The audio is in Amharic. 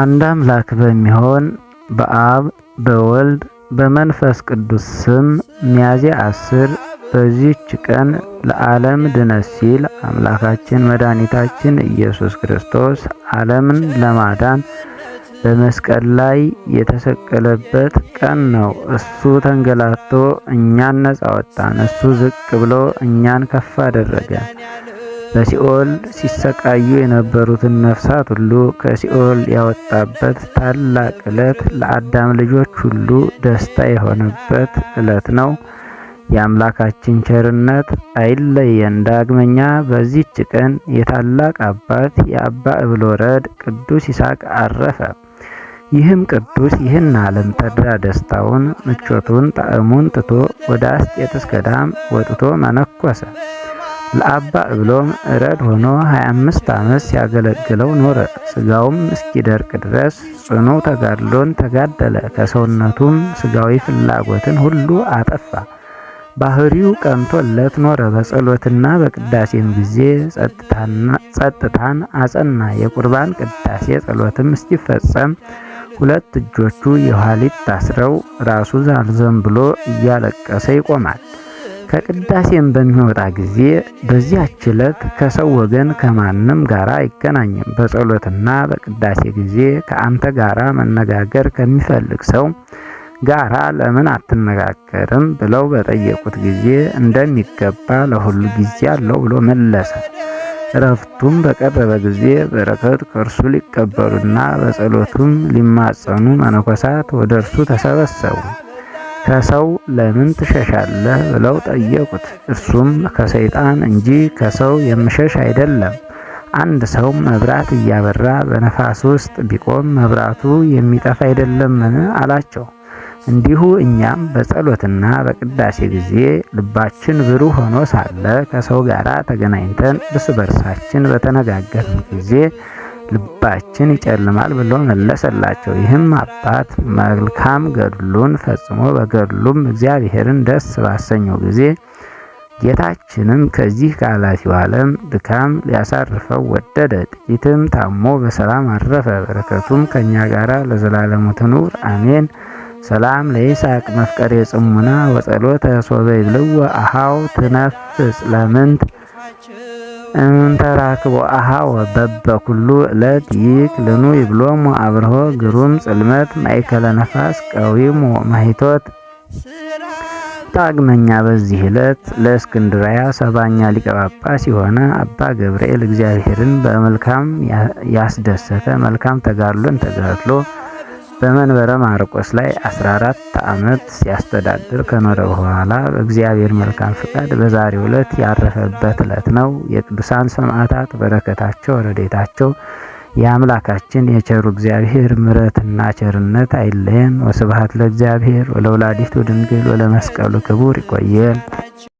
አንድ አምላክ በሚሆን በአብ በወልድ በመንፈስ ቅዱስ ስም ሚያዝያ አስር በዚህች ቀን ለዓለም ድነት ሲል አምላካችን መድኃኒታችን ኢየሱስ ክርስቶስ ዓለምን ለማዳን በመስቀል ላይ የተሰቀለበት ቀን ነው። እሱ ተንገላቶ እኛን ነጻ ወጣን። እሱ ዝቅ ብሎ እኛን ከፍ አደረገ። በሲኦል ሲሰቃዩ የነበሩትን ነፍሳት ሁሉ ከሲኦል ያወጣበት ታላቅ ዕለት ለአዳም ልጆች ሁሉ ደስታ የሆነበት ዕለት ነው። የአምላካችን ቸርነት አይለየን። ዳግመኛ በዚህች ቀን የታላቅ አባት የአባ እብልወረድ ቅዱስ ይስሐቅ አረፈ። ይህም ቅዱስ ይህን ዓለም ተድላ ደስታውን፣ ምቾቱን፣ ጣዕሙን ትቶ ወደ አስቄጥስ ገዳም ወጥቶ መነኮሰ። ለአባ እብሎም እረድ ሆኖ 25 ዓመት ሲያገለግለው ኖረ። ስጋውም እስኪደርቅ ድረስ ጽኑ ተጋድሎን ተጋደለ። ከሰውነቱም ስጋዊ ፍላጎትን ሁሉ አጠፋ። ባህሪው ቀንቶለት ኖረ። በጸሎትና በቅዳሴም ጊዜ ጸጥታን አጸና። የቁርባን ቅዳሴ ጸሎትም እስኪፈጸም ሁለት እጆቹ የኋሊት ታስረው ራሱ ዛልዘን ብሎ እያለቀሰ ይቆማል። ከቅዳሴም በሚወጣ ጊዜ በዚያች ዕለት ከሰው ወገን ከማንም ጋር አይገናኝም። በጸሎትና በቅዳሴ ጊዜ ከአንተ ጋር መነጋገር ከሚፈልግ ሰው ጋራ ለምን አትነጋገርም ብለው በጠየቁት ጊዜ እንደሚገባ ለሁሉ ጊዜ አለው ብሎ መለሰ። እረፍቱም በቀረበ ጊዜ በረከት ከእርሱ ሊቀበሉና በጸሎቱም ሊማጸኑ መነኮሳት ወደ እርሱ ተሰበሰቡ። ከሰው ለምን ትሸሻለህ ብለው ጠየቁት። እርሱም ከሰይጣን እንጂ ከሰው የምሸሽ አይደለም። አንድ ሰው መብራት እያበራ በነፋስ ውስጥ ቢቆም መብራቱ የሚጠፋ አይደለምን? አላቸው። እንዲሁ እኛም በጸሎትና በቅዳሴ ጊዜ ልባችን ብሩህ ሆኖ ሳለ ከሰው ጋር ተገናኝተን እርስ በርሳችን በተነጋገርን ጊዜ ልባችን ይጨልማል ብሎ መለሰላቸው። ይህም አባት መልካም ገድሉን ፈጽሞ በገድሉም እግዚአብሔርን ደስ ባሰኘው ጊዜ ጌታችንም ከዚህ ከኃላፊው ዓለም ድካም ሊያሳርፈው ወደደ። ጥቂትም ታሞ በሰላም አረፈ። በረከቱም ከእኛ ጋር ለዘላለሙ ትኑር አሜን። ሰላም ለይስሐቅ መፍቀሬ ጽሙና ወጸሎተ ሶበይ ይብልዎ አሃው ትነፍስ ለምንት እንተራክቦ አሃወ በበ ኩሉ ዕለት ይክልኑ ይብሎሙ አብርሆ ግሩም ጽልመት ማእከለ ነፋስ ቀዊሙ ማሂቶት። ዳግመኛ በዚህ ዕለት ለእስክንድርያ ሰባኛ ሊቀ ጳጳስ የሆነ አባ ገብርኤል እግዚአብሔርን በመልካም ያስደሰተ መልካም ተጋድሎን ተጋድሎ በመንበረ ማርቆስ ላይ 14 ዓመት ሲያስተዳድር ከኖረ በኋላ በእግዚአብሔር መልካም ፍቃድ በዛሬ ዕለት ያረፈበት ዕለት ነው። የቅዱሳን ሰማዕታት በረከታቸው፣ ረዴታቸው የአምላካችን የቸሩ እግዚአብሔር ምረትና ቸርነት አይለየን። ወስብሐት ለእግዚአብሔር ወለወላዲቱ ድንግል ወለመስቀሉ ክቡር። ይቆየን።